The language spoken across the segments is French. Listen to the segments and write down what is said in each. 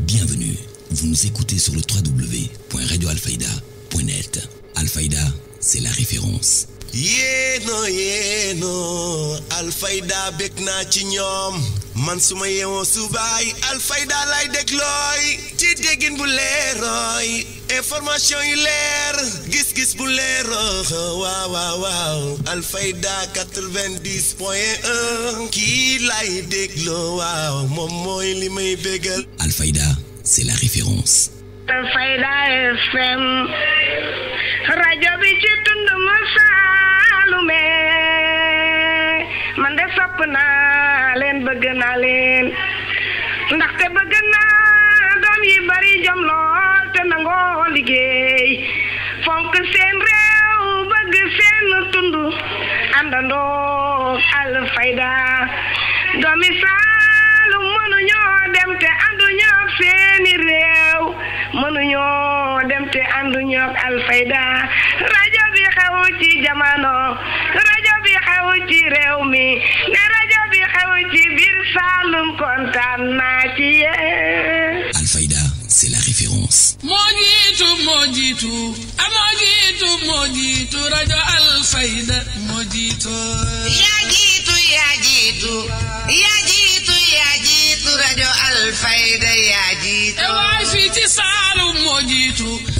Bienvenue, vous nous écoutez sur le www.radioalfaïda.net. Alfaïda, c'est la référence yéeno yéeno alfayda bég naa ci ñoom man suma ma yeewoo subaay alfayda lay déglooy ci déggin bu leerooy information yu leer gis-gis bu leerooy waaw waaw waaw alfayda 90 point 1 kii lay dégloo waaw moom mooy li may bégal alfayda c'est la référence alfayda FM rajo bi ci Salume, man de sopp naa leen bëgg naa leen ndaxte bëgg naa doom yi bari jom lool te nangoo liggéey fonk seen réew bëgg seen tund àndandoo al fayda doomi saalum mënuñoo dem te sen seeni réew mënuñoo dem te al fayda rajo xew jamono rajo bi xew ci réew mi rajo bi xew ci biir Saalum kontaan naa ci yéen. Alfayda c'est la référence. moo jiitu moo a moo jiitu moo jiitu rajo Alfayda moo jiitu. yaa jiitu yaa jiitu yaa jiitu yaa jiitu rajo Alfayda yaa jiitu. te waay fii ci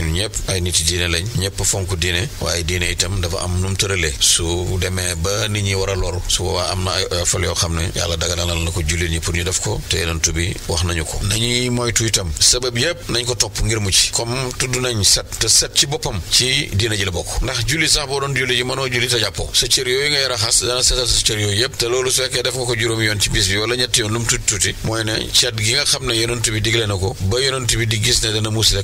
ñun ñëpp ay nit yi diine lañ ñëpp fonk diine waaye diine itam dafa am nu tëralee su demee ba nit ñi war a loru su boobaa am na ay oyofal yoo xam ne yàlla daganalal na ko jullit ñi pour ñu def ko te yonent bi wax nañu ko nañuy moytu itam sabab yëpp nañ ko topp ngir mucc comme tudd nañ set te set ci boppam ci diine ji la bokk ndax julli sax boo doon julli ji mënoo julli te jàppoo sa cër nga ko juróomi yoon tuuti tuuti mooy ne cet gi nga xam ne yonent bi digle na ne dana muusle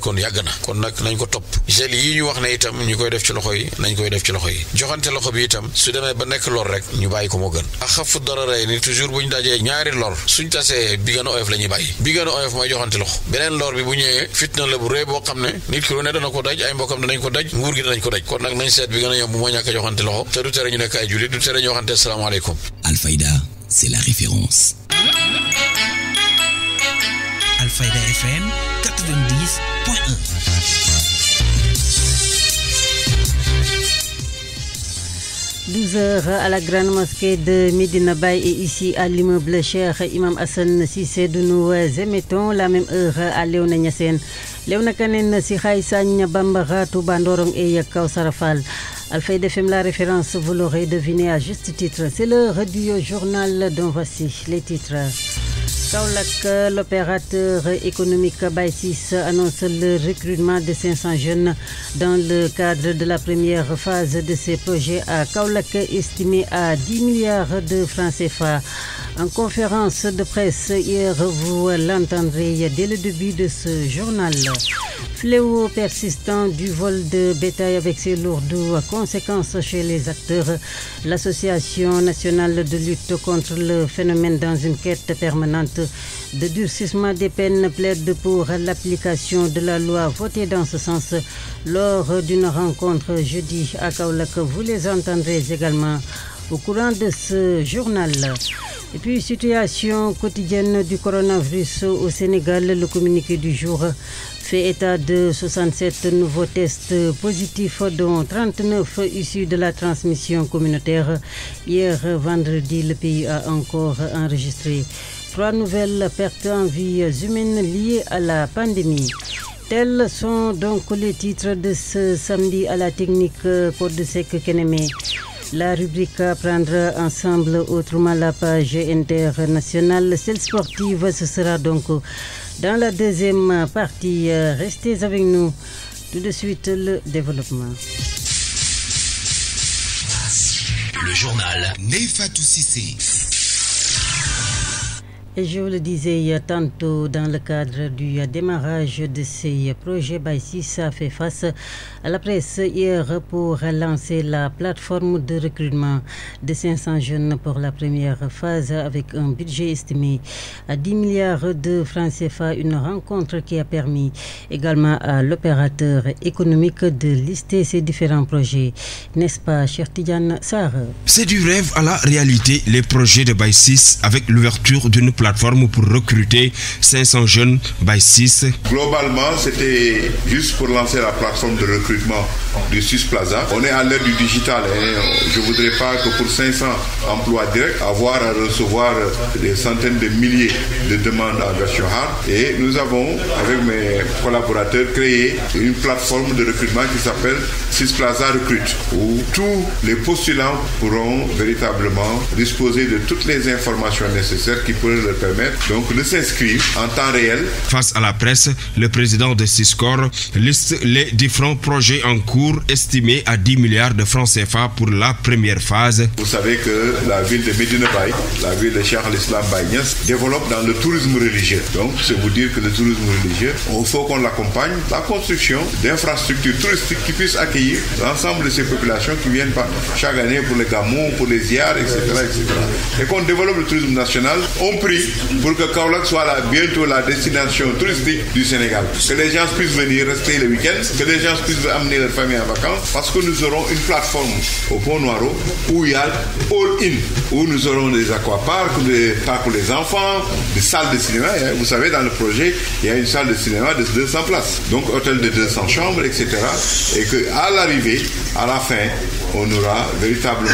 nañ ko topp gel yi ñu wax ne itam ñu koy def ci loxo yi nañ koy def ci loxo yi joxante loxo bi itam su demee ba nekk lor rek ñu bàyyi ko moo gën ak xafu dara rey ni toujours bu ñu dajee ñaari lor suñ tasee bi gën a oyof la ñuy bàyyi bi gën a oyof mooy joxante loxo beneen lor bi bu ñëwee fitna la bu boo xam ne nit ki lu ne dana ko daj ay mbokkam danañ ko daj nguur gi danañ ko daj kon nag nañ seet bi gën a yomb mooy ñàkk joxante loxo te du tere ñu 12 heures à la grande mosquée de Medina Bay et ici à l'immeuble cher Imam Hassan Sissé de nous émettons la même heure à Léona Nyassène. Léona Kanen si Sanya, Bambara Touba et Yakao Sarafal. Alpha FM, la référence, vous l'aurez deviné à juste titre. C'est le Radio journal dont voici les titres. Kaulak, l'opérateur économique Baïsis annonce le recrutement de 500 jeunes dans le cadre de la première phase de ses projets à Kaulak, estimé à 10 milliards de francs CFA. En conférence de presse hier, vous l'entendrez dès le début de ce journal. Fléau persistant du vol de bétail avec ses lourdes conséquences chez les acteurs. L'Association nationale de lutte contre le phénomène dans une quête permanente de durcissement des peines plaide pour l'application de la loi votée dans ce sens lors d'une rencontre jeudi à Kaulak. Vous les entendrez également au courant de ce journal. Et puis, situation quotidienne du coronavirus au Sénégal, le communiqué du jour fait état de 67 nouveaux tests positifs, dont 39 issus de la transmission communautaire. Hier, vendredi, le pays a encore enregistré trois nouvelles pertes en vie humaines liées à la pandémie. Tels sont donc les titres de ce samedi à la technique pour de Sec Kenemé. La rubrique Prendre ensemble, autrement la page internationale, celle sportive, ce sera donc dans la deuxième partie. Restez avec nous. Tout de suite, le développement. Le journal Nefatou et je vous le disais tantôt, dans le cadre du démarrage de ces projets, ici ça fait face la presse hier pour lancer la plateforme de recrutement de 500 jeunes pour la première phase avec un budget estimé à 10 milliards de francs CFA, une rencontre qui a permis également à l'opérateur économique de lister ses différents projets. N'est-ce pas, cher Tidiane Sarr C'est du rêve à la réalité, les projets de BAI6 avec l'ouverture d'une plateforme pour recruter 500 jeunes by 6 Globalement, c'était juste pour lancer la plateforme de recrutement du de Plaza. On est à l'ère du digital. Hein. Je ne voudrais pas que pour 500 emplois directs, avoir à recevoir des centaines de milliers de demandes à Hard. Et nous avons, avec mes collaborateurs, créé une plateforme de recrutement qui s'appelle 6 Plaza Recrute, où tous les postulants pourront véritablement disposer de toutes les informations nécessaires qui pourraient leur permettre donc de s'inscrire en temps réel. Face à la presse, le président de Siscore liste les différents projets projet en cours estimé à 10 milliards de francs CFA pour la première phase. Vous savez que la ville de Medina la ville de Charles Islam développe dans le tourisme religieux. Donc, c'est vous dire que le tourisme religieux, il faut qu'on l'accompagne, la construction d'infrastructures touristiques qui puissent accueillir l'ensemble de ces populations qui viennent chaque année pour les gamons, pour les ziars, etc., etc. Et qu'on développe le tourisme national, on prie pour que Kaolack soit bientôt la destination touristique du Sénégal. Que les gens puissent venir rester le week-end, que les gens puissent amener les familles en vacances parce que nous aurons une plateforme au Pont Noiro où il y a All In, où nous aurons des aquaparks, des parcs pour les enfants, des salles de cinéma. Hein. Vous savez, dans le projet, il y a une salle de cinéma de 200 places, donc hôtel de 200 chambres, etc. Et qu'à l'arrivée, à la fin, on aura véritablement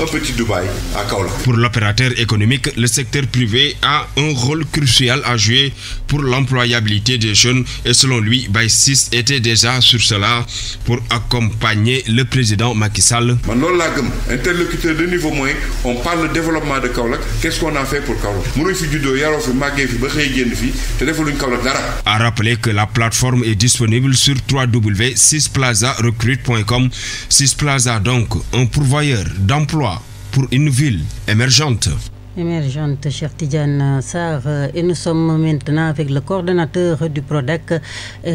un petit Dubaï à Kaolack. Pour l'opérateur économique, le secteur privé a un rôle crucial à jouer pour l'employabilité des jeunes et selon lui, 6 était déjà sur cela pour accompagner le président Macky Sall. interlocuteur de niveau moyen on parle de développement de Kaolack qu'est-ce qu'on a fait pour Kaolack A rappeler que la plateforme est disponible sur 6plaza donc donc un pourvoyeur d'emploi pour une ville émergente. Émergente, cher Tidiane Sarr, euh, et nous sommes maintenant avec le coordonnateur du PRODAC, euh,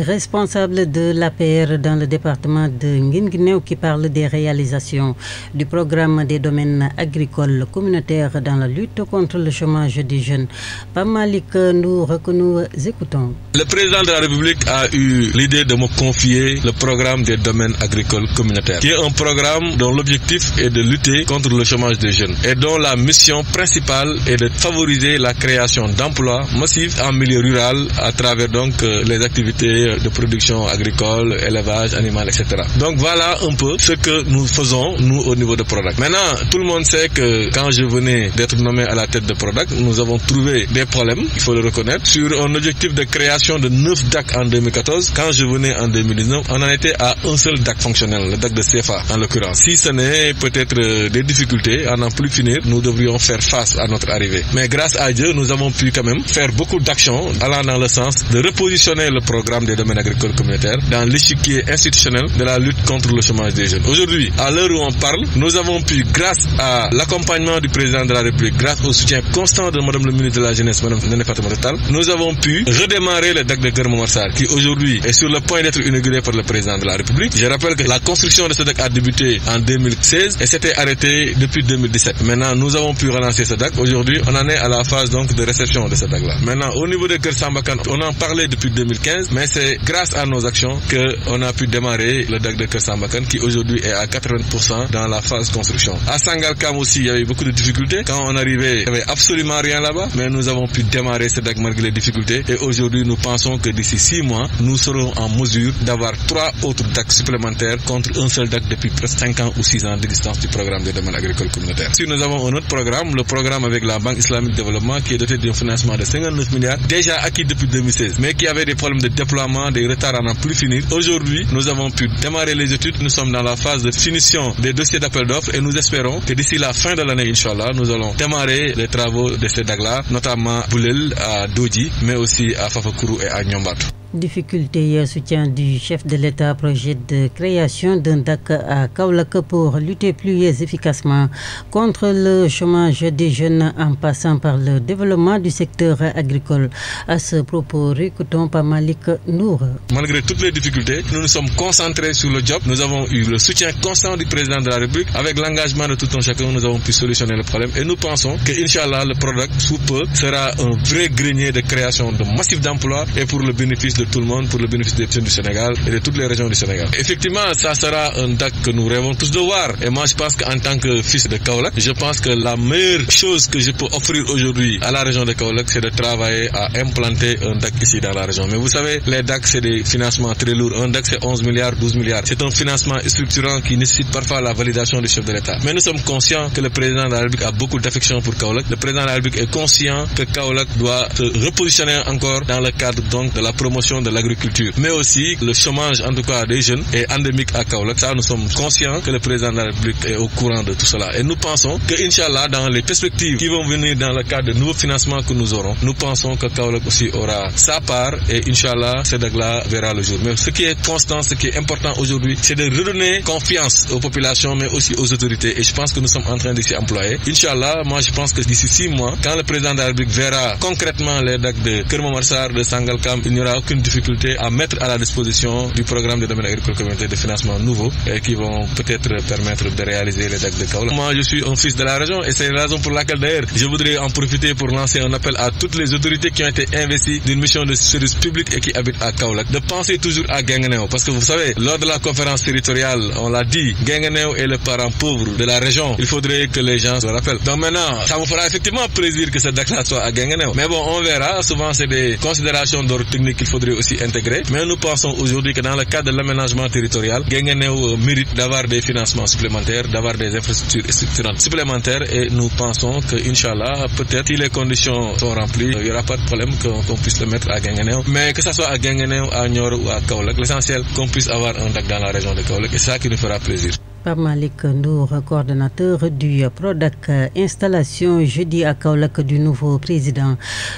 responsable de l'APR dans le département de Nguinguinéo, qui parle des réalisations du programme des domaines agricoles communautaires dans la lutte contre le chômage des jeunes. Pas mal nous, que nous écoutons. Le président de la République a eu l'idée de me confier le programme des domaines agricoles communautaires, qui est un programme dont l'objectif est de lutter contre le chômage des jeunes et dont la mission principale et de favoriser la création d'emplois massifs en milieu rural à travers donc euh, les activités de production agricole, élevage, animal, etc. Donc voilà un peu ce que nous faisons, nous, au niveau de Prodac. Maintenant, tout le monde sait que quand je venais d'être nommé à la tête de Prodac, nous avons trouvé des problèmes, il faut le reconnaître, sur un objectif de création de 9 DAC en 2014. Quand je venais en 2019, on en était à un seul DAC fonctionnel, le DAC de CFA en l'occurrence. Si ce n'est peut-être euh, des difficultés à n'en plus finir, nous devrions faire face à notre arrivée. Mais grâce à Dieu, nous avons pu quand même faire beaucoup d'actions allant dans le sens de repositionner le programme des domaines agricoles communautaires dans l'échiquier institutionnel de la lutte contre le chômage des jeunes. Aujourd'hui, à l'heure où on parle, nous avons pu, grâce à l'accompagnement du président de la République, grâce au soutien constant de Madame le ministre de la Jeunesse, Madame Nene Fatoumata nous avons pu redémarrer le DAC de Kermomarsar qui aujourd'hui est sur le point d'être inauguré par le président de la République. Je rappelle que la construction de ce DAC a débuté en 2016 et s'était arrêtée depuis 2017. Maintenant, nous avons pu relancer ce DAC aujourd'hui, on en est à la phase donc de réception de ce DAC-là. Maintenant, au niveau de Kersambakan, on en parlait depuis 2015, mais c'est grâce à nos actions que qu'on a pu démarrer le DAC de Kersambakan qui aujourd'hui est à 80% dans la phase construction. À Sangalkam aussi, il y avait beaucoup de difficultés. Quand on arrivait, il n'y avait absolument rien là-bas, mais nous avons pu démarrer ce DAC malgré les difficultés. Et aujourd'hui, nous pensons que d'ici six mois, nous serons en mesure d'avoir trois autres DAC supplémentaires contre un seul DAC depuis presque 5 ans ou 6 ans de distance du programme de demande agricole communautaire. Si nous avons un autre programme, le programme avec la Banque islamique de développement qui est dotée d'un financement de 59 milliards déjà acquis depuis 2016, mais qui avait des problèmes de déploiement, des retards à n'en plus finir. Aujourd'hui, nous avons pu démarrer les études. Nous sommes dans la phase de finition des dossiers d'appel d'offres et nous espérons que d'ici la fin de l'année, Inch'Allah, nous allons démarrer les travaux de ces DAGLA, notamment Boulel à Dodi, mais aussi à Fafakourou et à Nyombatou difficultés et euh, soutien du chef de l'État, projet de création d'un DAC à Kaulak pour lutter plus efficacement contre le chômage des jeunes en passant par le développement du secteur agricole. À ce propos, écoutons Pamalik Nour. Malgré toutes les difficultés, nous nous sommes concentrés sur le job. Nous avons eu le soutien constant du président de la République. Avec l'engagement de tout un chacun, nous avons pu solutionner le problème et nous pensons que, le product sous sera un vrai grenier de création de massif d'emplois et pour le bénéfice de tout le monde pour le bénéfice des jeunes du Sénégal et de toutes les régions du Sénégal. Effectivement, ça sera un DAC que nous rêvons tous de voir. Et moi, je pense qu'en tant que fils de Kaolack, je pense que la meilleure chose que je peux offrir aujourd'hui à la région de Kaolack, c'est de travailler à implanter un DAC ici dans la région. Mais vous savez, les DAC, c'est des financements très lourds. Un DAC, c'est 11 milliards, 12 milliards. C'est un financement structurant qui nécessite parfois la validation du chef de l'État. Mais nous sommes conscients que le président de la République a beaucoup d'affection pour Kaolack. Le président de la République est conscient que Kaolack doit se repositionner encore dans le cadre donc de la promotion de l'agriculture, mais aussi le chômage, en tout cas des jeunes, est endémique à Kaolack. Ça, nous sommes conscients que le président de la République est au courant de tout cela. Et nous pensons que, Inch'Allah, dans les perspectives qui vont venir dans le cadre de nouveaux financements que nous aurons, nous pensons que Kaolack aussi aura sa part et Inch'Allah, dague-là verra le jour. Mais ce qui est constant, ce qui est important aujourd'hui, c'est de redonner confiance aux populations, mais aussi aux autorités. Et je pense que nous sommes en train de s'y employer. Inch'Allah, moi, je pense que d'ici six mois, quand le président de la République verra concrètement les DAC de Kermo Marsar, de Sangalkam, il n'y aura aucune aucune difficulté à mettre à la disposition du programme de domaine agricole communautaire de financement nouveau et euh, qui vont peut-être permettre de réaliser les actes de Kaola. Moi, je suis un fils de la région et c'est la raison pour laquelle d'ailleurs je voudrais en profiter pour lancer un appel à toutes les autorités qui ont été investies d'une mission de service public et qui habitent à Kaolak de penser toujours à Ganganeo parce que vous savez, lors de la conférence territoriale, on l'a dit, Ganganeo est le parent pauvre de la région. Il faudrait que les gens se rappellent. Donc maintenant, ça vous fera effectivement plaisir que cette là soit à Ganganeo. Mais bon, on verra. Souvent, c'est des considérations d'ordre technique qu'il faudrait aussi intégré Mais nous pensons aujourd'hui que dans le cadre de l'aménagement territorial, Gengheneo euh, mérite d'avoir des financements supplémentaires, d'avoir des infrastructures structurantes supplémentaires et nous pensons que, Inch'Allah, peut-être si les conditions sont remplies, il n'y aura pas de problème qu'on puisse le mettre à Gengheneo. Mais que ce soit à Gengheneo, à Nior ou à Kaolek, l'essentiel qu'on puisse avoir un DAC dans la région de Kaolek et c'est ça qui nous fera plaisir. Malik Ndour, coordonnateur du PRODAC, installation jeudi à Kaolak du nouveau président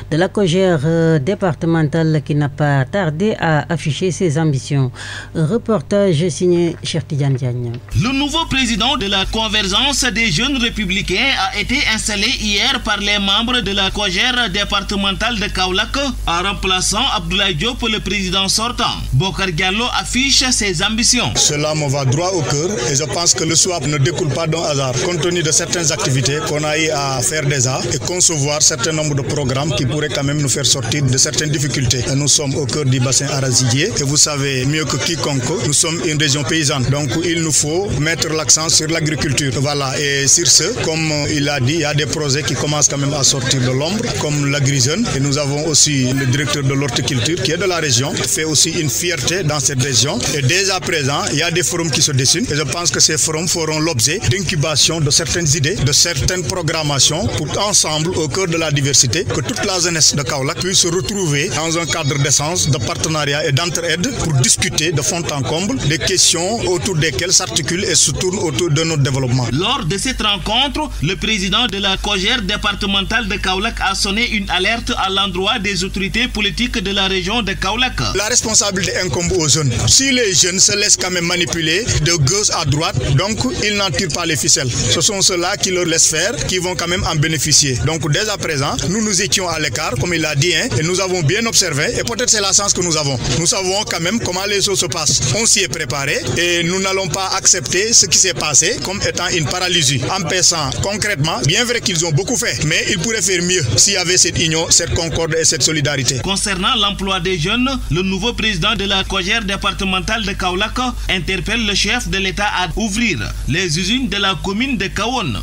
de la Cogère départementale qui n'a pas tardé à afficher ses ambitions. Reportage signé Chertidian Diagne. Le nouveau président de la Convergence des jeunes républicains a été installé hier par les membres de la Cogère départementale de Kaolak en remplaçant Abdoulaye Diop, le président sortant. Bokar Gallo affiche ses ambitions. Cela me va droit au cœur et je je pense que le swap ne découle pas d'un hasard, compte tenu de certaines activités qu'on a eu à faire déjà et concevoir certain nombre de programmes qui pourraient quand même nous faire sortir de certaines difficultés. nous sommes au cœur du bassin arasidier et vous savez mieux que quiconque, nous sommes une région paysanne. Donc il nous faut mettre l'accent sur l'agriculture. Voilà, et sur ce, comme il a dit, il y a des projets qui commencent quand même à sortir de l'ombre, comme la grisonne Et nous avons aussi le directeur de l'horticulture qui est de la région, fait aussi une fierté dans cette région. Et dès à présent, il y a des forums qui se dessinent et je pense que ces forums feront l'objet d'incubation de certaines idées, de certaines programmations pour ensemble, au cœur de la diversité, que toute la jeunesse de Kaolack puisse se retrouver dans un cadre d'essence, de partenariat et d'entraide pour discuter de fond en comble des questions autour desquelles s'articulent et se tournent autour de notre développement. Lors de cette rencontre, le président de la Cogère départementale de Kaolack a sonné une alerte à l'endroit des autorités politiques de la région de Kaolak. La responsabilité incombe aux jeunes. Si les jeunes se laissent quand même manipuler de gauche à droite, donc, ils n'en tirent pas les ficelles. Ce sont ceux-là qui leur laissent faire, qui vont quand même en bénéficier. Donc, dès à présent, nous nous étions à l'écart, comme il l'a dit, hein, et nous avons bien observé, et peut-être c'est la chance que nous avons. Nous savons quand même comment les choses se passent. On s'y est préparé et nous n'allons pas accepter ce qui s'est passé comme étant une paralysie. En pensant concrètement, bien vrai qu'ils ont beaucoup fait, mais ils pourraient faire mieux s'il y avait cette union, cette concorde et cette solidarité. Concernant l'emploi des jeunes, le nouveau président de la cogère départementale de Kaulaka interpelle le chef de l'État à Ou les usines de la commune de Kaon.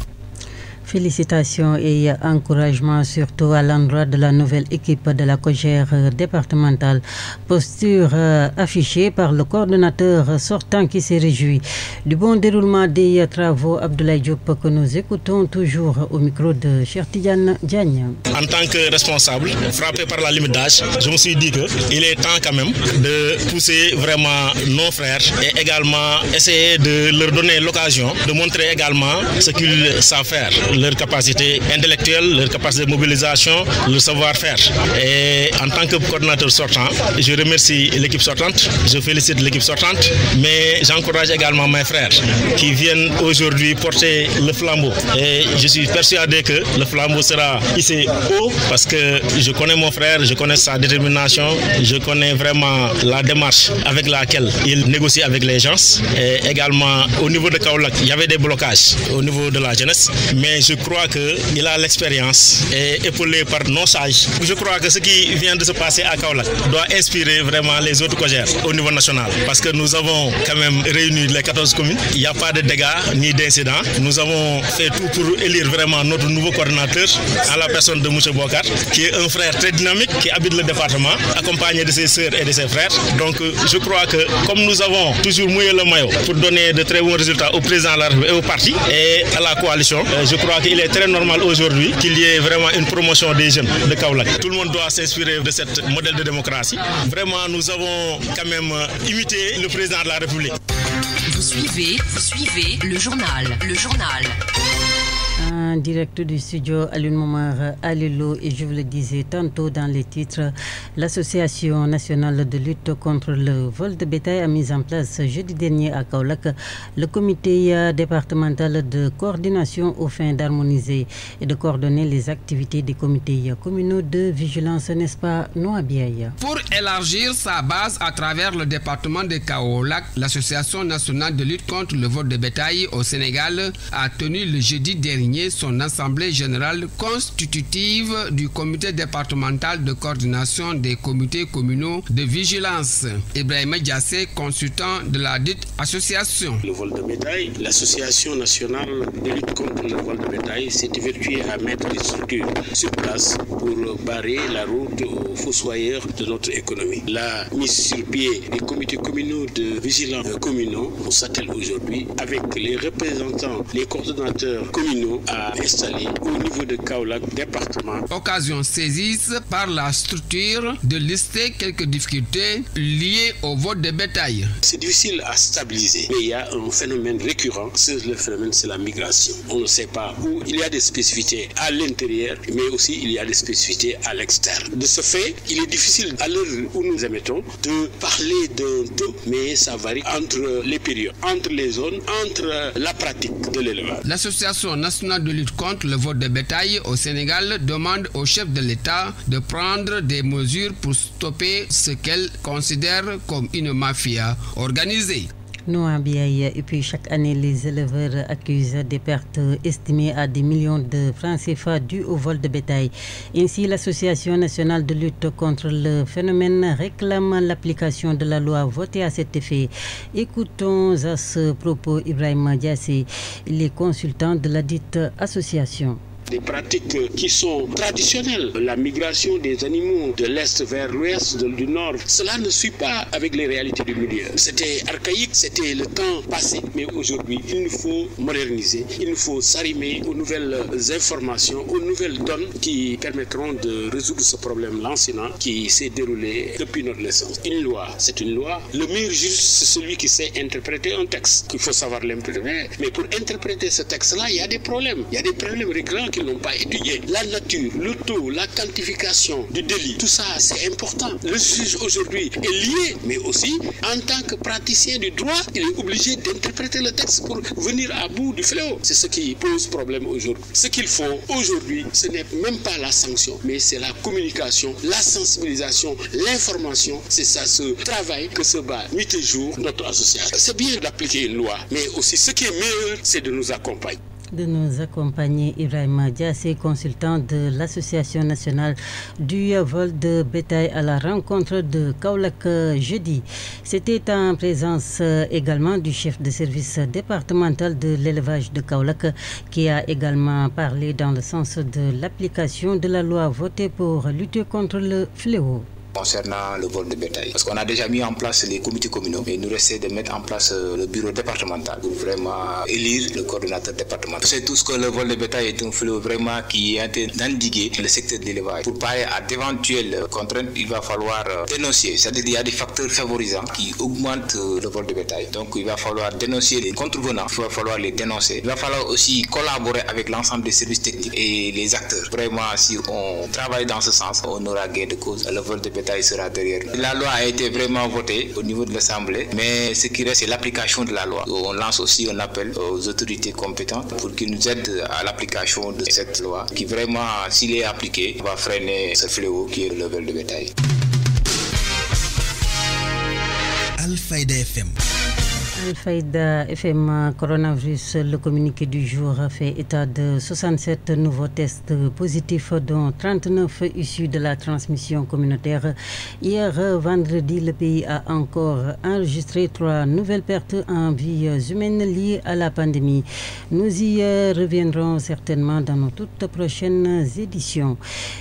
Félicitations et encouragements surtout à l'endroit de la nouvelle équipe de la cogère départementale. Posture euh, affichée par le coordonnateur sortant qui s'est réjoui du bon déroulement des travaux Abdoulaye Diop que nous écoutons toujours au micro de Chertidiane Diagne. En tant que responsable, frappé par la limite d'âge, je me suis dit qu'il est temps quand même de pousser vraiment nos frères et également essayer de leur donner l'occasion de montrer également ce qu'ils savent faire leur capacité intellectuelle, leur capacité de mobilisation, le savoir-faire. Et en tant que coordinateur sortant, je remercie l'équipe sortante, je félicite l'équipe sortante, mais j'encourage également mes frères qui viennent aujourd'hui porter le flambeau. Et je suis persuadé que le flambeau sera ici haut parce que je connais mon frère, je connais sa détermination, je connais vraiment la démarche avec laquelle il négocie avec les gens. Et également, au niveau de Kaolak, il y avait des blocages au niveau de la jeunesse, mais je je crois qu'il a l'expérience et épaulé par nos sages. Je crois que ce qui vient de se passer à Kaolack doit inspirer vraiment les autres cogères au niveau national parce que nous avons quand même réuni les 14 communes. Il n'y a pas de dégâts ni d'incidents. Nous avons fait tout pour élire vraiment notre nouveau coordinateur à la personne de M. Bokar, qui est un frère très dynamique qui habite le département, accompagné de ses sœurs et de ses frères. Donc je crois que comme nous avons toujours mouillé le maillot pour donner de très bons résultats au président et au parti et à la coalition, euh, je crois il est très normal aujourd'hui qu'il y ait vraiment une promotion des jeunes de Kaolack. Tout le monde doit s'inspirer de ce modèle de démocratie. Vraiment, nous avons quand même euh, imité le président de la République. Vous suivez, vous suivez le journal, le journal directeur du studio Alun Momar Alilo et je vous le disais tantôt dans les titres, l'Association nationale de lutte contre le vol de bétail a mis en place jeudi dernier à Kaolak le comité euh, départemental de coordination afin fin d'harmoniser et de coordonner les activités des comités euh, communaux de vigilance, n'est-ce pas, Noa à Pour élargir sa base à travers le département de Kaolac l'Association nationale de lutte contre le vol de bétail au Sénégal a tenu le jeudi dernier son son assemblée générale constitutive du comité départemental de coordination des comités communaux de vigilance. Ibrahim Diassé, consultant de la dite association. Le vol de bétail, l'association nationale de lutte contre le vol de bétail s'est évertuée à mettre des structures sur place pour barrer la route aux fossoyeurs de notre économie. La mise sur pied des comités communaux de vigilance communaux, on s'attelle aujourd'hui avec les représentants, les coordonnateurs communaux à installés au niveau de Kaolack département. Occasion saisie par la structure de lister quelques difficultés liées au vote de bétail. C'est difficile à stabiliser, mais il y a un phénomène récurrent. Le phénomène, c'est la migration. On ne sait pas où il y a des spécificités à l'intérieur, mais aussi il y a des spécificités à l'extérieur. De ce fait, il est difficile à l'heure où nous émettons de parler d'un taux, mais ça varie entre les périodes, entre les zones, entre la pratique de l'élevage. L'association nationale de lutte contre le vote de bétail au Sénégal demande au chef de l'État de prendre des mesures pour stopper ce qu'elle considère comme une mafia organisée. Non, Biaï. Et puis chaque année, les éleveurs accusent des pertes estimées à des millions de francs CFA dues au vol de bétail. Ainsi, l'Association nationale de lutte contre le phénomène réclame l'application de la loi votée à cet effet. Écoutons à ce propos Ibrahim Diassé, les consultants de la dite association des pratiques qui sont traditionnelles. La migration des animaux de l'Est vers l'Ouest, du Nord, cela ne suit pas avec les réalités du milieu. C'était archaïque, c'était le temps passé, mais aujourd'hui, il nous faut moderniser, il nous faut s'arrimer aux nouvelles informations, aux nouvelles donnes qui permettront de résoudre ce problème lancinant qui s'est déroulé depuis notre naissance. Une loi, c'est une loi. Le meilleur juste, c'est celui qui sait interpréter un texte. Il faut savoir l'imprimer, mais pour interpréter ce texte-là, il y a des problèmes. Il y a des problèmes récurrents qui n'ont pas étudié. La nature, le taux, la quantification du délit, tout ça, c'est important. Le juge aujourd'hui est lié, mais aussi, en tant que praticien du droit, il est obligé d'interpréter le texte pour venir à bout du fléau. C'est ce qui pose problème aujourd'hui. Ce qu'il faut aujourd'hui, ce n'est même pas la sanction, mais c'est la communication, la sensibilisation, l'information. C'est ça ce travail que se bat nuit et jour notre association. C'est bien d'appliquer une loi, mais aussi ce qui est meilleur, c'est de nous accompagner de nous accompagner Ibrahim Diassé, consultant de l'Association nationale du vol de bétail à la rencontre de Kaulak euh, jeudi. C'était en présence euh, également du chef de service départemental de l'élevage de Kaulak qui a également parlé dans le sens de l'application de la loi votée pour lutter contre le fléau concernant le vol de bétail. Parce qu'on a déjà mis en place les comités communaux, mais il nous restait de mettre en place euh, le bureau départemental pour vraiment élire le coordonnateur départemental. C'est tout ce que le vol de bétail est un fléau vraiment qui est le secteur de l'élevage. Pour parler à d'éventuelles contraintes, il va falloir euh, dénoncer. C'est-à-dire qu'il y a des facteurs favorisants qui augmentent euh, le vol de bétail. Donc il va falloir dénoncer les contrevenants, il va falloir les dénoncer. Il va falloir aussi collaborer avec l'ensemble des services techniques et les acteurs. Vraiment, si on travaille dans ce sens, on aura gain de cause. Le vol de bétail sera La loi a été vraiment votée au niveau de l'Assemblée, mais ce qui reste, c'est l'application de la loi. On lance aussi un appel aux autorités compétentes pour qu'ils nous aident à l'application de cette loi qui vraiment, s'il est appliqué, va freiner ce fléau qui est le level de bétail. Alpha FM faïda FM Coronavirus, le communiqué du jour a fait état de 67 nouveaux tests positifs, dont 39 issus de la transmission communautaire. Hier, vendredi, le pays a encore enregistré trois nouvelles pertes en vies humaines liées à la pandémie. Nous y reviendrons certainement dans nos toutes prochaines éditions.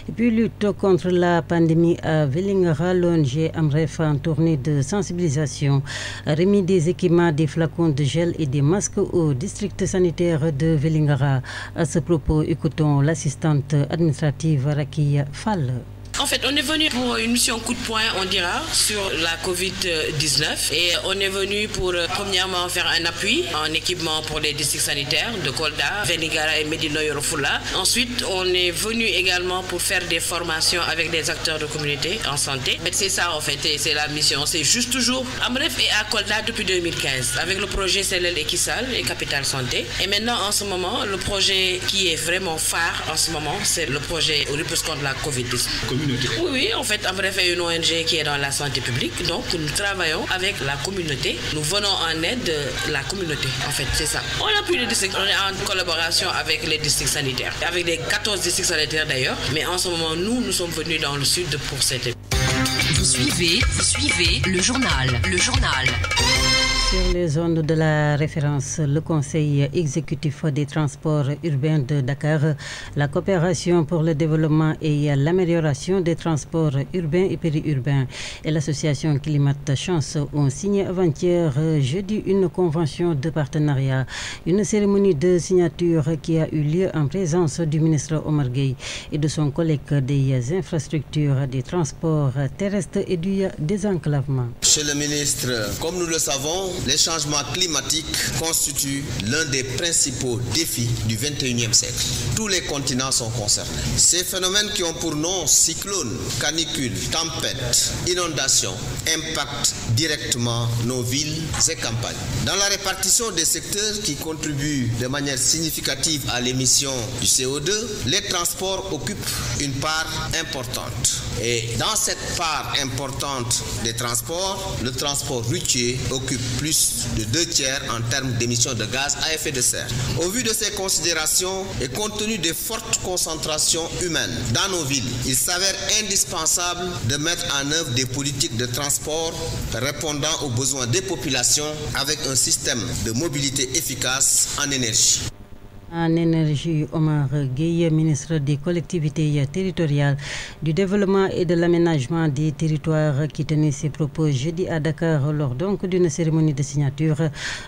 Et puis, lutte contre la pandémie à Vélingara, l'ONG Amref en tournée de sensibilisation. Remis des équipements des flacons de gel et des masques au district sanitaire de Velingara. À ce propos, écoutons l'assistante administrative Rakia Fall. En fait, on est venu pour une mission coup de poing, on dira, sur la COVID-19. Et on est venu pour, euh, premièrement, faire un appui en équipement pour les districts sanitaires de Kolda, Venigara et Medina Ensuite, on est venu également pour faire des formations avec des acteurs de communauté en santé. C'est ça, en fait, et c'est la mission. C'est juste toujours à bref et à Kolda depuis 2015, avec le projet CELEL Equisal et Capital Santé. Et maintenant, en ce moment, le projet qui est vraiment phare en ce moment, c'est le projet Olympus contre la COVID-19. Oui, en fait, en bref, c'est une ONG qui est dans la santé publique. Donc, nous travaillons avec la communauté. Nous venons en aide de la communauté, en fait, c'est ça. On a plus de districts. On est en collaboration avec les districts sanitaires, avec les 14 districts sanitaires d'ailleurs. Mais en ce moment, nous, nous sommes venus dans le sud pour cette... Vous suivez, vous suivez le journal, le journal. Sur les zones de la référence, le Conseil exécutif des transports urbains de Dakar, la coopération pour le développement et l'amélioration des transports urbains et périurbains et l'association Climat Chance ont signé avant-hier jeudi une convention de partenariat. Une cérémonie de signature qui a eu lieu en présence du ministre Omar Gueye et de son collègue des infrastructures des transports terrestres et du désenclavement. Monsieur le ministre, comme nous le savons, les changements climatiques constituent l'un des principaux défis du 21e siècle. Tous les continents sont concernés. Ces phénomènes qui ont pour nom cyclones, canicules, tempêtes, inondations, impactent directement nos villes et campagnes. Dans la répartition des secteurs qui contribuent de manière significative à l'émission du CO2, les transports occupent une part importante. Et dans cette part importante des transports, le transport routier occupe plus de deux tiers en termes d'émissions de gaz à effet de serre. Au vu de ces considérations et compte tenu des fortes concentrations humaines dans nos villes, il s'avère indispensable de mettre en œuvre des politiques de transport répondant aux besoins des populations avec un système de mobilité efficace en énergie. En énergie, Omar Gueye, ministre des collectivités territoriales, du développement et de l'aménagement des territoires, qui tenait ses propos jeudi à Dakar lors donc d'une cérémonie de signature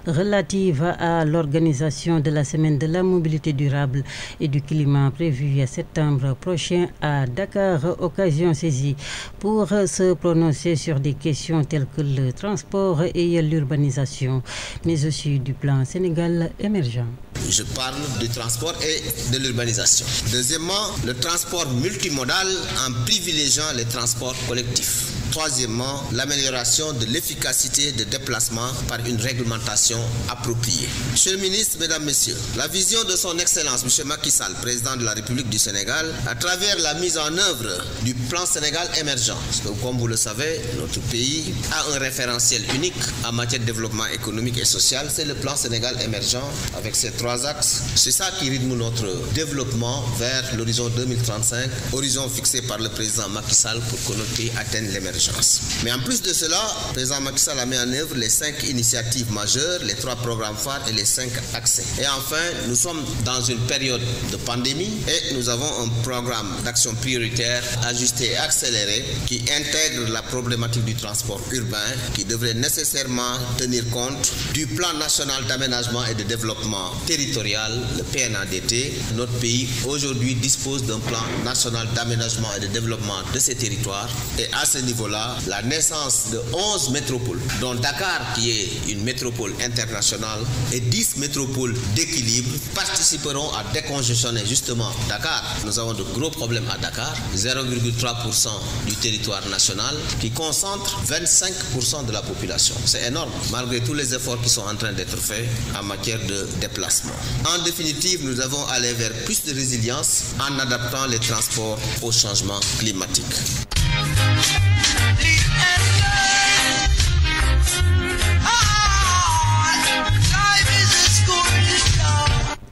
relative à l'organisation de la semaine de la mobilité durable et du climat prévue à septembre prochain à Dakar. Occasion saisie pour se prononcer sur des questions telles que le transport et l'urbanisation, mais aussi du plan Sénégal émergent. Je parle du transport et de l'urbanisation. Deuxièmement, le transport multimodal en privilégiant les transports collectifs. Troisièmement, l'amélioration de l'efficacité des déplacements par une réglementation appropriée. Monsieur le ministre, Mesdames, Messieurs, la vision de son Excellence, monsieur Macky Sall, président de la République du Sénégal, à travers la mise en œuvre du plan Sénégal émergent. comme vous le savez, notre pays a un référentiel unique en matière de développement économique et social. C'est le plan Sénégal émergent avec ses axes. C'est ça qui rythme notre développement vers l'horizon 2035, horizon fixé par le président Macky Sall pour que notre atteigne l'émergence. Mais en plus de cela, le président Macky Sall a mis en œuvre les cinq initiatives majeures, les trois programmes phares et les cinq accès. Et enfin, nous sommes dans une période de pandémie et nous avons un programme d'action prioritaire ajusté et accéléré qui intègre la problématique du transport urbain qui devrait nécessairement tenir compte du plan national d'aménagement et de développement Territorial, le PNADT, notre pays aujourd'hui dispose d'un plan national d'aménagement et de développement de ses territoires. Et à ce niveau-là, la naissance de 11 métropoles, dont Dakar qui est une métropole internationale et 10 métropoles d'équilibre, participeront à décongestionner justement Dakar. Nous avons de gros problèmes à Dakar, 0,3% du territoire national qui concentre 25% de la population. C'est énorme, malgré tous les efforts qui sont en train d'être faits en matière de déplacement. En définitive, nous avons allé vers plus de résilience en adaptant les transports au changement climatique.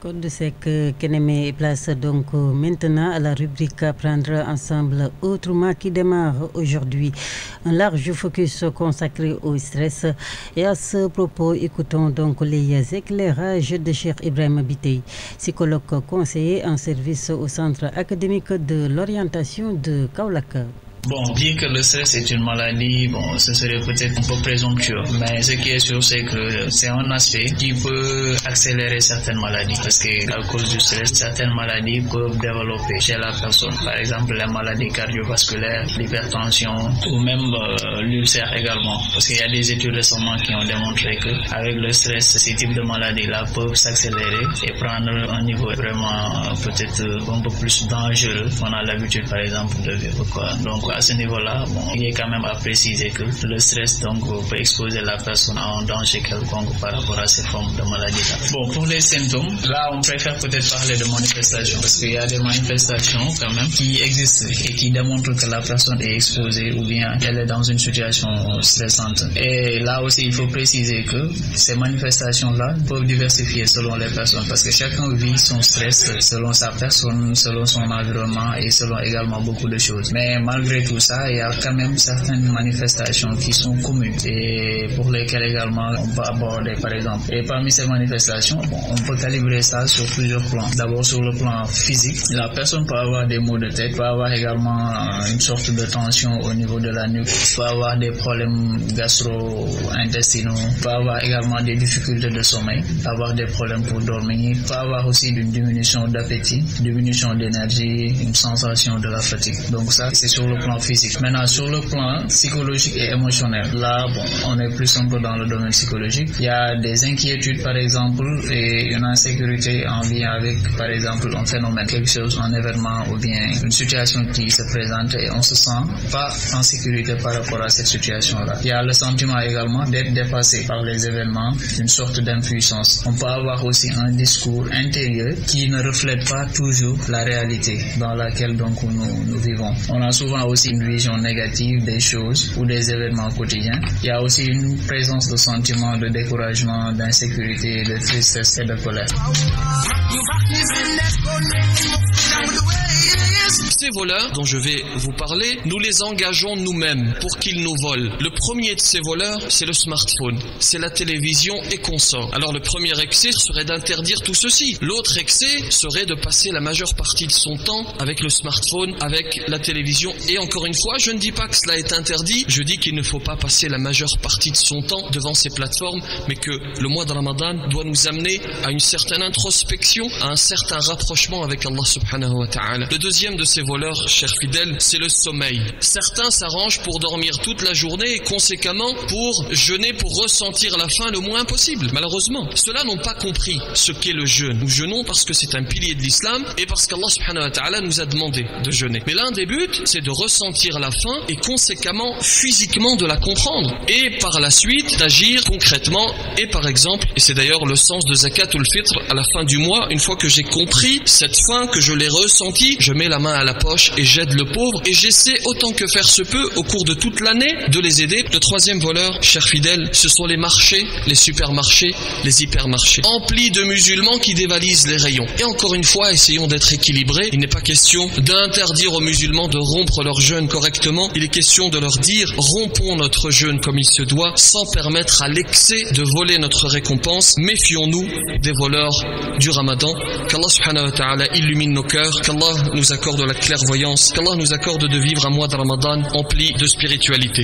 Code de que Kenemé place donc maintenant à la rubrique Apprendre ensemble autrement qui démarre aujourd'hui. Un large focus consacré au stress. Et à ce propos, écoutons donc les éclairages de cher Ibrahim Bitey, psychologue conseiller en service au Centre académique de l'orientation de Kaulaka. Bon, dire que le stress est une maladie, bon, ce serait peut-être un peu présomptueux, mais ce qui est sûr, c'est que c'est un aspect qui peut accélérer certaines maladies, parce que à cause du stress, certaines maladies peuvent développer chez la personne. Par exemple, les maladies cardiovasculaires, l'hypertension ou même euh, l'ulcère également, parce qu'il y a des études récemment qui ont démontré que avec le stress, ces types de maladies-là peuvent s'accélérer et prendre un niveau vraiment euh, peut-être euh, un peu plus dangereux qu'on a l'habitude, par exemple, de vivre. Quoi. Donc, à ce niveau-là, bon, il est quand même à préciser que le stress donc peut exposer la personne à un danger quelconque par rapport à ces formes de maladie. -là. Bon, pour les symptômes, là on préfère peut-être parler de manifestations parce qu'il y a des manifestations quand même qui existent et qui démontrent que la personne est exposée ou bien elle est dans une situation stressante. Et là aussi, il faut préciser que ces manifestations-là peuvent diversifier selon les personnes parce que chacun vit son stress selon sa personne, selon son environnement et selon également beaucoup de choses. Mais malgré tout ça, il y a quand même certaines manifestations qui sont communes et pour lesquelles également on peut aborder par exemple. Et parmi ces manifestations, on peut calibrer ça sur plusieurs plans. D'abord sur le plan physique, la personne peut avoir des maux de tête, peut avoir également euh, une sorte de tension au niveau de la nuque, peut avoir des problèmes gastro-intestinaux, peut avoir également des difficultés de sommeil, peut avoir des problèmes pour dormir, peut avoir aussi une diminution d'appétit, diminution d'énergie, une sensation de la fatigue. Donc ça, c'est sur le plan physique. Maintenant, sur le plan psychologique et émotionnel, là, on est plus un dans le domaine psychologique. Il y a des inquiétudes, par exemple, et une insécurité en lien avec, par exemple, un phénomène, quelque chose, un événement ou bien une situation qui se présente et on se sent pas en sécurité par rapport à cette situation-là. Il y a le sentiment également d'être dépassé par les événements, une sorte d'impuissance. On peut avoir aussi un discours intérieur qui ne reflète pas toujours la réalité dans laquelle donc nous vivons. On a souvent aussi une vision négative des choses ou des événements quotidiens. Il y a aussi une présence de sentiments de découragement, d'insécurité, de tristesse et de colère. Ces voleurs dont je vais vous parler, nous les engageons nous-mêmes pour qu'ils nous volent. Le premier de ces voleurs, c'est le smartphone, c'est la télévision et consorts. Alors le premier excès serait d'interdire tout ceci. L'autre excès serait de passer la majeure partie de son temps avec le smartphone, avec la télévision et encore une fois, je ne dis pas que cela est interdit, je dis qu'il ne faut pas passer la majeure partie de son temps devant ces plateformes, mais que le mois de Ramadan doit nous amener à une certaine introspection, à un certain rapprochement avec Allah subhanahu wa ta'ala. Le deuxième de ces voleurs, chers fidèles, c'est le sommeil. Certains s'arrangent pour dormir toute la journée et conséquemment pour jeûner pour ressentir la faim le moins possible, malheureusement. Ceux-là n'ont pas compris ce qu'est le jeûne. Nous jeûnons parce que c'est un pilier de l'islam et parce qu'Allah subhanahu wa ta'ala nous a demandé de jeûner. Mais l'un des buts, c'est de ressentir sentir la faim et conséquemment physiquement de la comprendre et par la suite d'agir concrètement et par exemple, et c'est d'ailleurs le sens de Zakat ou le filtre à la fin du mois, une fois que j'ai compris cette faim, que je l'ai ressentie, je mets la main à la poche et j'aide le pauvre et j'essaie autant que faire se peut au cours de toute l'année de les aider. Le troisième voleur, cher fidèles, ce sont les marchés, les supermarchés, les hypermarchés, emplis de musulmans qui dévalisent les rayons. Et encore une fois, essayons d'être équilibrés. Il n'est pas question d'interdire aux musulmans de rompre leur jeûne correctement, il est question de leur dire rompons notre jeûne comme il se doit sans permettre à l'excès de voler notre récompense. Méfions-nous des voleurs du ramadan. Qu'Allah subhanahu wa ta'ala illumine nos cœurs, qu'Allah nous accorde la clairvoyance, qu'Allah nous accorde de vivre un mois de ramadan empli de spiritualité.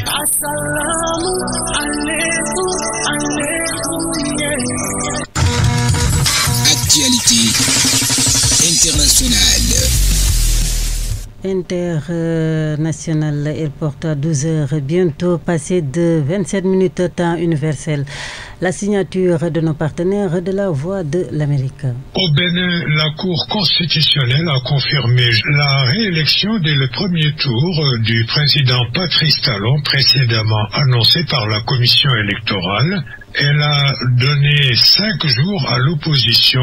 Actualité internationale. International, elle porte à 12 heures, bientôt passé de 27 minutes temps universel. La signature de nos partenaires de la Voix de l'Amérique. Au Bénin, la Cour constitutionnelle a confirmé la réélection dès le premier tour du président Patrice Talon, précédemment annoncé par la Commission électorale elle a donné cinq jours à l'opposition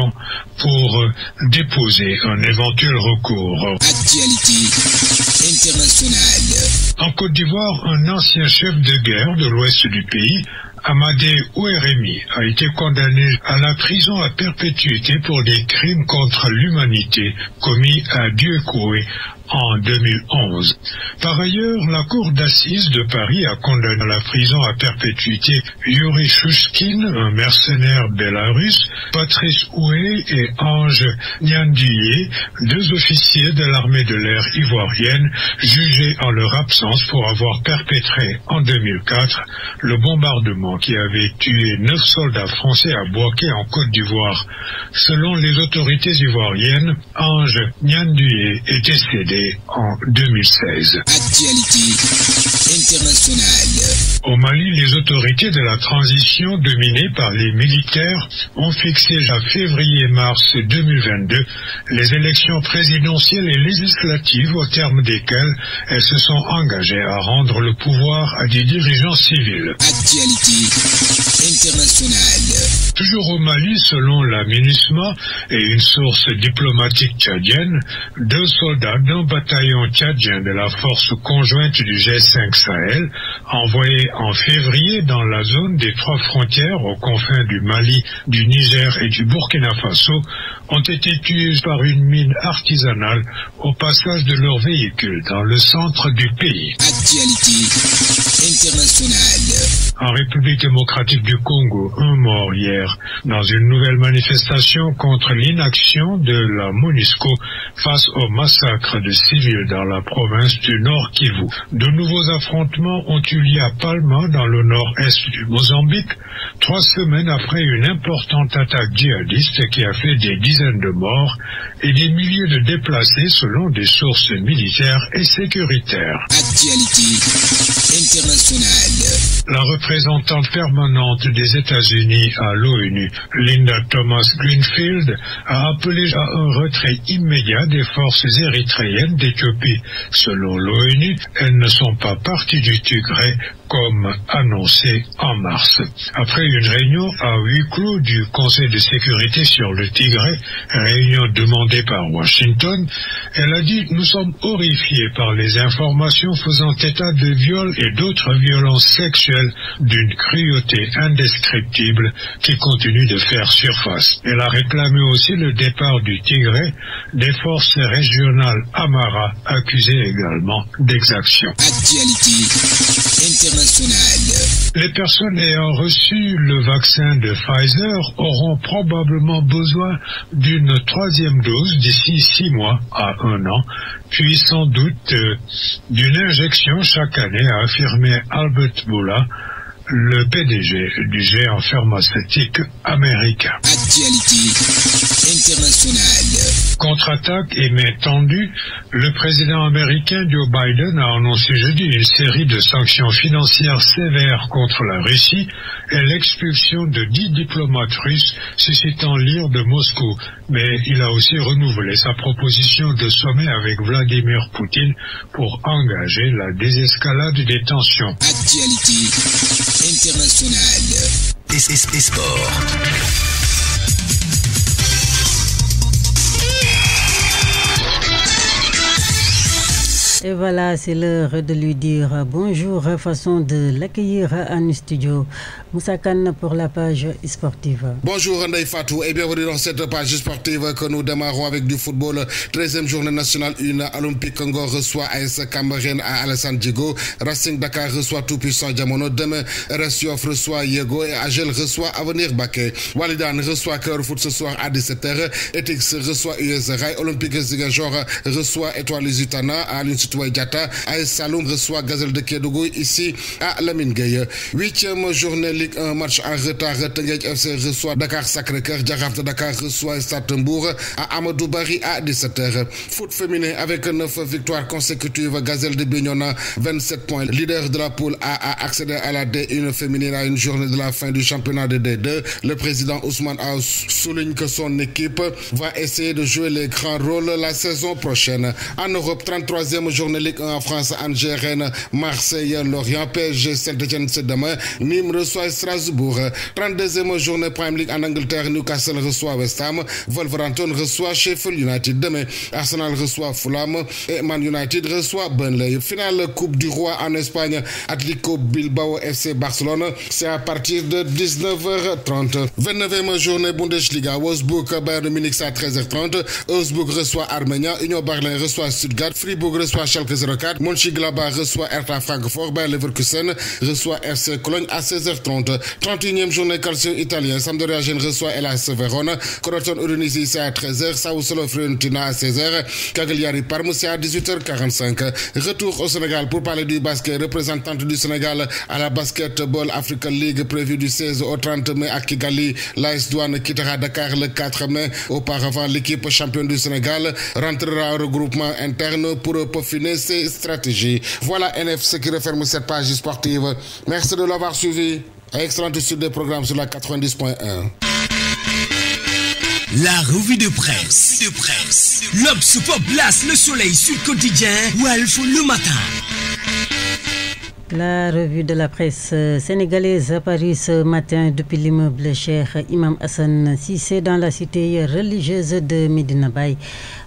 pour euh, déposer un éventuel recours. En Côte d'Ivoire, un ancien chef de guerre de l'ouest du pays, Amadé Ouérémi, a été condamné à la prison à perpétuité pour des crimes contre l'humanité commis à Koué en 2011. Par ailleurs, la Cour d'assises de Paris a condamné à la prison à perpétuité Yuri Shushkin, un mercenaire belarusse, Patrice Houé et Ange Nyanduyé, deux officiers de l'armée de l'air ivoirienne, jugés en leur absence pour avoir perpétré en 2004 le bombardement qui avait tué neuf soldats français à Boaké en Côte d'Ivoire. Selon les autorités ivoiriennes, Ange Nyanduyé est décédé en 2016. Actualité internationale. Au Mali, les autorités de la transition dominées par les militaires ont fixé à février-mars 2022 les élections présidentielles et législatives au terme desquelles elles se sont engagées à rendre le pouvoir à des dirigeants civils. Actualité internationale. Toujours au Mali, selon la MINUSMA et une source diplomatique tchadienne, deux soldats d'un bataillon tchadien de la force conjointe du G5 Sahel, envoyés en février dans la zone des trois frontières aux confins du Mali, du Niger et du Burkina Faso, ont été tués par une mine artisanale au passage de leur véhicule dans le centre du pays. Actualité internationale. En République démocratique du Congo, un mort hier dans une nouvelle manifestation contre l'inaction de la MONUSCO face au massacre de civils dans la province du Nord Kivu. De nouveaux affrontements ont eu lieu à Palma dans le nord-est du Mozambique, trois semaines après une importante attaque djihadiste qui a fait des dizaines de morts et des milliers de déplacés selon des sources militaires et sécuritaires. La représentante permanente des États-Unis à l'ONU, Linda Thomas Greenfield, a appelé à un retrait immédiat des forces érythréennes d'Éthiopie. Selon l'ONU, elles ne sont pas parties du Tigré comme annoncé en mars. Après une réunion à huis clos du Conseil de sécurité sur le Tigré, réunion demandée par Washington, elle a dit Nous sommes horrifiés par les informations faisant état de viols et d'autres violences sexuelles d'une cruauté indescriptible qui continue de faire surface. Elle a réclamé aussi le départ du Tigré des forces régionales Amara, accusées également d'exactions. Les personnes ayant reçu le vaccin de Pfizer auront probablement besoin d'une troisième dose d'ici six mois à un an, puis sans doute euh, d'une injection chaque année, a affirmé Albert Boula, le PDG du géant pharmaceutique américain. Actualité internationale contre-attaque et main tendue, le président américain Joe Biden a annoncé jeudi une série de sanctions financières sévères contre la Russie et l'expulsion de dix diplomates russes, suscitant l'ire de Moscou. Mais il a aussi renouvelé sa proposition de sommet avec Vladimir Poutine pour engager la désescalade des tensions. Et voilà, c'est l'heure de lui dire bonjour, façon de l'accueillir à un studio. Moussa pour la page sportive. Bonjour Andai Fatou et bienvenue dans cette page sportive que nous démarrons avec du football. 13e journée nationale Une Olympique Congo reçoit AS Cameroun à Alassane Racing Dakar reçoit tout puissant Diamono. Demain, Rassioff reçoit Yego et Agel reçoit Avenir Baké. Walidan reçoit Cœur Foot ce soir à 17h. Etix reçoit US Rai. Olympique Zigajor reçoit Étoile Zutana à l'Institut Diata. AS Saloum reçoit Gazelle de Kédougou ici à Lamine 8e journée Ligue 1 match en retard. FC reçoit Dakar Sacré-Cœur. de Dakar reçoit Stade à Amadou Bari à 17h. Foot féminin avec 9 victoires consécutives. Gazelle de Bignona, 27 points. Leader de la poule A a accédé à la D1 féminine à une journée de la fin du championnat de D2. Le président Ousmane a souligne que son équipe va essayer de jouer les grands rôles la saison prochaine. En Europe, 33e journée Ligue 1 en France, Angers, Rennes, Marseille, Lorient, PSG, Saint-Etienne, c'est demain. Nîmes reçoit Strasbourg. 32e journée Premier League en Angleterre, Newcastle reçoit West Ham, Wolverhampton reçoit Sheffield United demain, Arsenal reçoit Fulham et Man United reçoit Burnley. Finale Coupe du Roi en Espagne, Atlético Bilbao FC Barcelone, c'est à partir de 19h30. 29e journée Bundesliga, Wolfsburg, Bayern Munich, à 13h30, Wolfsburg reçoit Armenia, Union Berlin reçoit Stuttgart, Fribourg reçoit Schalke 04, Monchiglaba reçoit Hertha Frankfurt. Bayern Leverkusen reçoit FC Cologne à 16h30. 31e journée calcio italien. Sampdoria Gênes reçoit Elas Verona. Croton urunisi c'est à 13h. Sassuolo Fiorentina à 16h. Cagliari Parme à 18h45. Retour au Sénégal pour parler du basket. Représentante du Sénégal à la Basketball Africa League prévue du 16 au 30 mai à Kigali. L'AS Douane quittera Dakar le 4 mai. Auparavant, l'équipe championne du Sénégal rentrera au regroupement interne pour peaufiner ses stratégies. Voilà NFC qui referme cette page sportive. Merci de l'avoir suivi de sur des programmes sur la 90.1. La revue de presse. De presse. L'Obs Pop Blast, le soleil sur le quotidien, Welf le matin. La revue de la presse euh, sénégalaise à ce matin depuis l'immeuble cher Imam Hassan Sissé dans la cité religieuse de Medina Bay.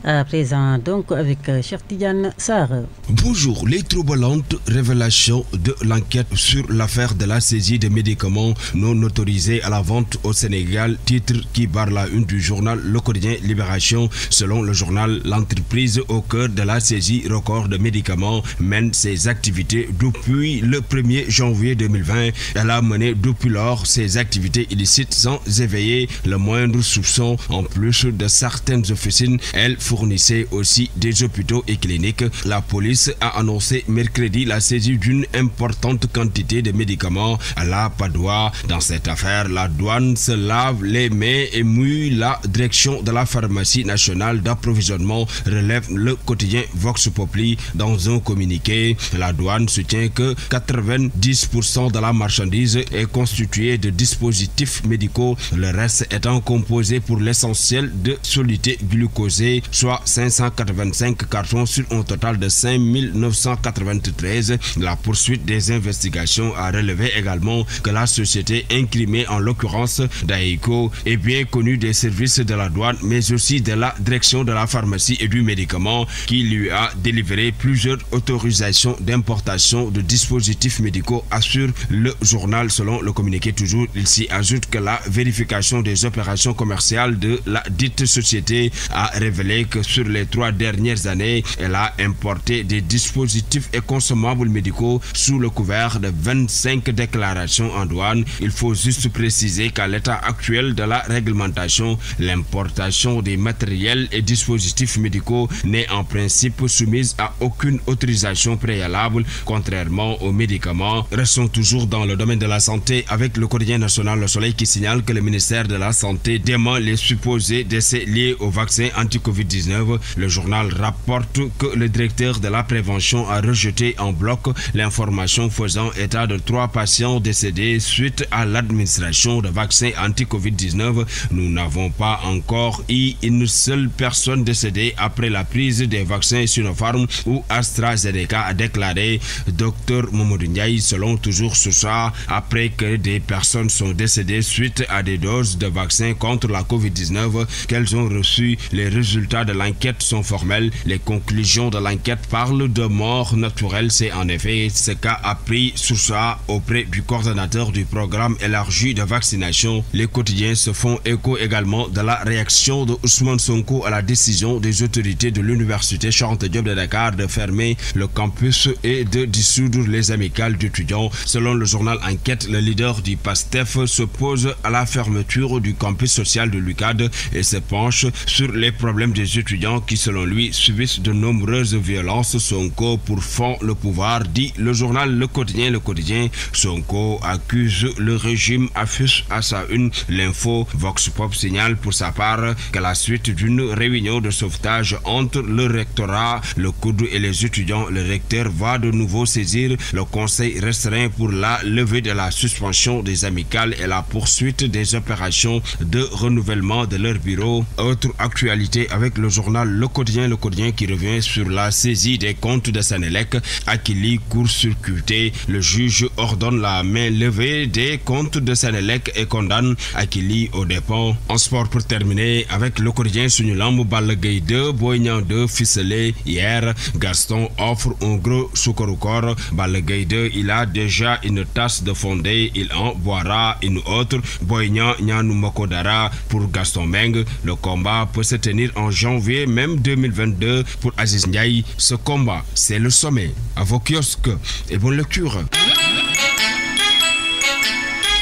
À présent donc avec euh, Chertidiane Sarre. Bonjour, les troublantes révélations de l'enquête sur l'affaire de la saisie de médicaments non autorisés à la vente au Sénégal, titre qui barre la une du journal Le Quotidien Libération. Selon le journal, l'entreprise au cœur de la saisie record de médicaments mène ses activités depuis le 1er janvier 2020. Elle a mené depuis lors ses activités illicites sans éveiller le moindre soupçon. En plus de certaines officines, elle fournissait aussi des hôpitaux et cliniques. La police a annoncé mercredi la saisie d'une importante quantité de médicaments à la Padoie. Dans cette affaire, la douane se lave les mains et mouille la direction de la pharmacie nationale d'approvisionnement, relève le quotidien Vox Populi dans un communiqué. La douane soutient que 90% de la marchandise est constituée de dispositifs médicaux, le reste étant composé pour l'essentiel de soluté glucosée, soit 585 cartons sur un total de 5993. La poursuite des investigations a relevé également que la société incrimée, en l'occurrence Daiko, est bien connue des services de la douane, mais aussi de la direction de la pharmacie et du médicament qui lui a délivré plusieurs autorisations d'importation de dispositifs dispositifs médicaux, assure le journal selon le communiqué toujours. Il s'y ajoute que la vérification des opérations commerciales de la dite société a révélé que sur les trois dernières années, elle a importé des dispositifs et consommables médicaux sous le couvert de 25 déclarations en douane. Il faut juste préciser qu'à l'état actuel de la réglementation, l'importation des matériels et dispositifs médicaux n'est en principe soumise à aucune autorisation préalable, contrairement aux médicaments. Restons toujours dans le domaine de la santé avec le quotidien national Le Soleil qui signale que le ministère de la Santé dément les supposés décès liés au vaccin anti-Covid-19. Le journal rapporte que le directeur de la prévention a rejeté en bloc l'information faisant état de trois patients décédés suite à l'administration de vaccins anti-Covid-19. Nous n'avons pas encore eu une seule personne décédée après la prise des vaccins sur Sinopharm ou AstraZeneca, a déclaré Docteur Momodou selon toujours Sousa après que des personnes sont décédées suite à des doses de vaccins contre la COVID-19 qu'elles ont reçues. Les résultats de l'enquête sont formels. Les conclusions de l'enquête parlent de mort naturelle. C'est en effet ce qu'a appris Sousa auprès du coordonnateur du programme élargi de vaccination. Les quotidiens se font écho également de la réaction de Ousmane Sonko à la décision des autorités de l'université Chante Diop de Dakar de fermer le campus et de dissoudre les amicales d'étudiants. Selon le journal Enquête, le leader du PASTEF s'oppose à la fermeture du campus social de l'UCAD et se penche sur les problèmes des étudiants qui, selon lui, subissent de nombreuses violences. Sonko pour fond le pouvoir, dit le journal Le Quotidien. Le Quotidien, Sonko accuse le régime, affiche à sa une l'info. Vox Pop signale pour sa part qu'à la suite d'une réunion de sauvetage entre le rectorat, le coude et les étudiants, le recteur va de nouveau saisir le conseil restreint pour la levée de la suspension des amicales et la poursuite des opérations de renouvellement de leur bureau. Autre actualité avec le journal Le Quotidien, Le Cordien qui revient sur la saisie des comptes de Sanelec. Akili court-circuité, le juge ordonne la main levée des comptes de Sanelec et condamne Akili au dépens. En sport pour terminer avec le Quotidien Sunulam Balagay 2, Boignan 2 ficelé hier. Gaston offre un gros au corps. Le Gaïde, il a déjà une tasse de fondée, il en boira une autre. Boignan nous Dara pour Gaston Meng. Le combat peut se tenir en janvier même 2022 pour Aziz Ndiaye. Ce combat, c'est le sommet. À vos kiosques et bonne lecture.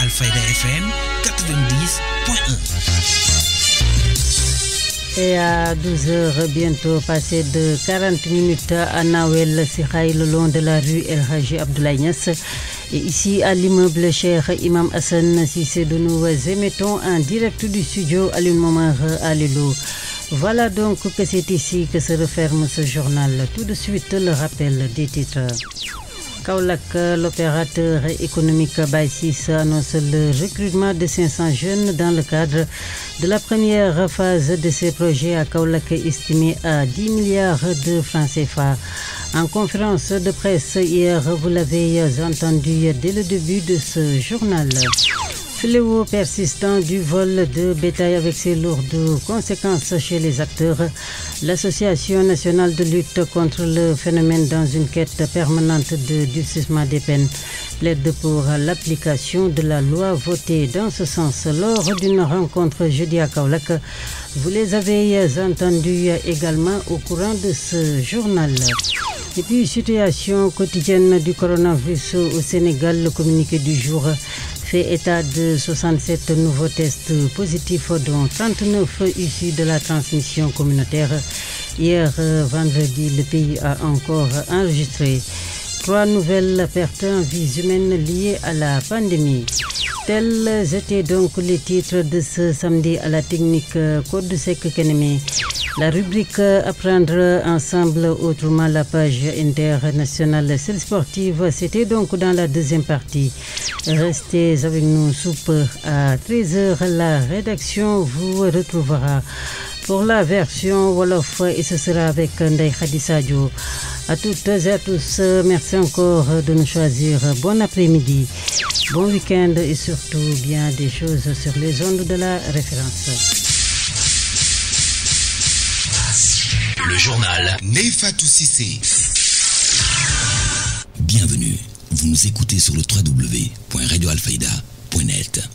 Alpha FM 90.1 et à 12h, bientôt passé de 40 minutes à Nawel Sikhaï le long de la rue El Haji Abdoulaye Et ici, à l'immeuble cher Imam Hassan c'est de nous émettons un direct du studio à moment à Lilo. Voilà donc que c'est ici que se referme ce journal. Tout de suite, le rappel des titres. Kaolak, l'opérateur économique Baïsis annonce le recrutement de 500 jeunes dans le cadre de la première phase de ses projets à Kaolak estimé à 10 milliards de francs CFA. En conférence de presse hier, vous l'avez entendu dès le début de ce journal. Fléau persistant du vol de bétail avec ses lourdes conséquences chez les acteurs. L'Association nationale de lutte contre le phénomène dans une quête permanente de durcissement des peines plaide pour l'application de la loi votée dans ce sens lors d'une rencontre jeudi à Kaulak. Vous les avez entendus également au courant de ce journal. Et puis, situation quotidienne du coronavirus au Sénégal, le communiqué du jour fait état de 67 nouveaux tests positifs, dont 39 issus de la transmission communautaire. Hier, vendredi, le pays a encore enregistré trois nouvelles pertes en vie humaine liées à la pandémie. Tels étaient donc les titres de ce samedi à la technique Code Sec Kenemi. La rubrique euh, Apprendre ensemble, autrement la page internationale celle sportive, c'était donc dans la deuxième partie. Restez avec nous soupe à 13h. La rédaction vous retrouvera pour la version Wolof et ce sera avec Ndai Khadisadio. À toutes et à tous, merci encore de nous choisir. Bon après-midi, bon week-end et surtout bien des choses sur les ondes de la référence. Le journal Nefatoussissé. Bienvenue. Vous nous écoutez sur le www.radioalfaïda.net.